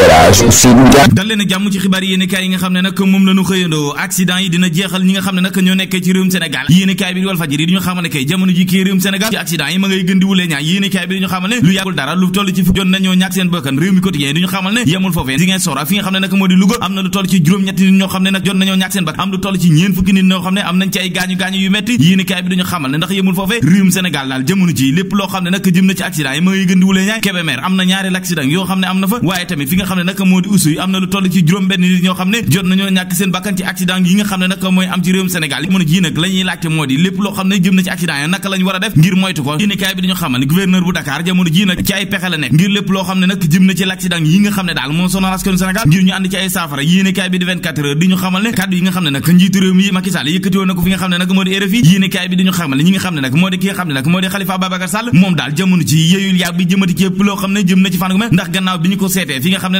Elage jàmm ci xibaar yi nga kay bi di xamal ne ndax yemul foofee réewum Sénégal daal jamono ji lépp loo xam ne nag jëm na ci accident yi ma ngay gën di ñaay Kébémer am na ñaari accident yoo xam ne am na fa waaye tamit fi nga xam ne nag moo di usu yi am na lu toll ci juróom benn ñoo xam ne naka moo di 24 yi nga xam moo di RFI yéen kaay moom daal jamono ci yeyul yàb bi jëmati képp loo xam ne jëm na ci fànn ndax gannaaw bi ñu ko seetee fi nga xam ne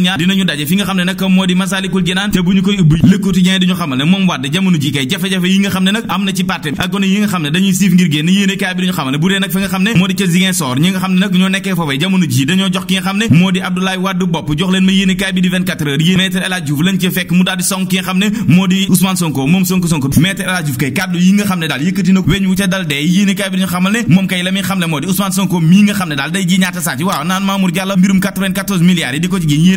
ñoom dinañu daje fi nga xam ne nag moo di Masaalikul Jinaan te bu ñu koy ubbi Le Quotidien di xamal ne moom kay la muy xam ne moo di Ousmane Sonko mii nga xam ne daal day ji ñaata sàcc waaw naan Mamour Diallo mbirum 94 yi di ko ci gi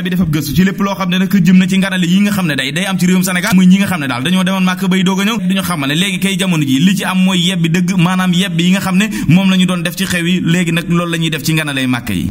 kaay bi defab gëstu ci lépp loo xam ne nag jëm na ci nganale yi nga xam ne day day am ci réewum Sénégal muy ñi nga xam ne daal dañoo demoon màkk bay doog a ñëw dañu léegi kay jamono ji li ci am mooy yebbi dëgg maanaam yebbi yi nga xam ne moom la doon def ci xew yi léegi nag loolu la def ci nganalay màkk yi